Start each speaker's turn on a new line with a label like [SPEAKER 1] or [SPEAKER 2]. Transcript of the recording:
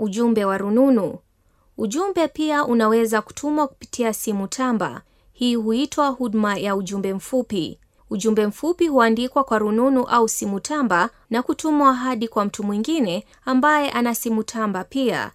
[SPEAKER 1] ujumbe wa rununu. Ujumbe pia unaweza kutumwa kupitia simu tamba. Hii huitwa huduma ya ujumbe mfupi. Ujumbe mfupi huandikwa kwa rununu au simu tamba na kutumwa hadi kwa mtu mwingine ambaye ana simu tamba
[SPEAKER 2] pia.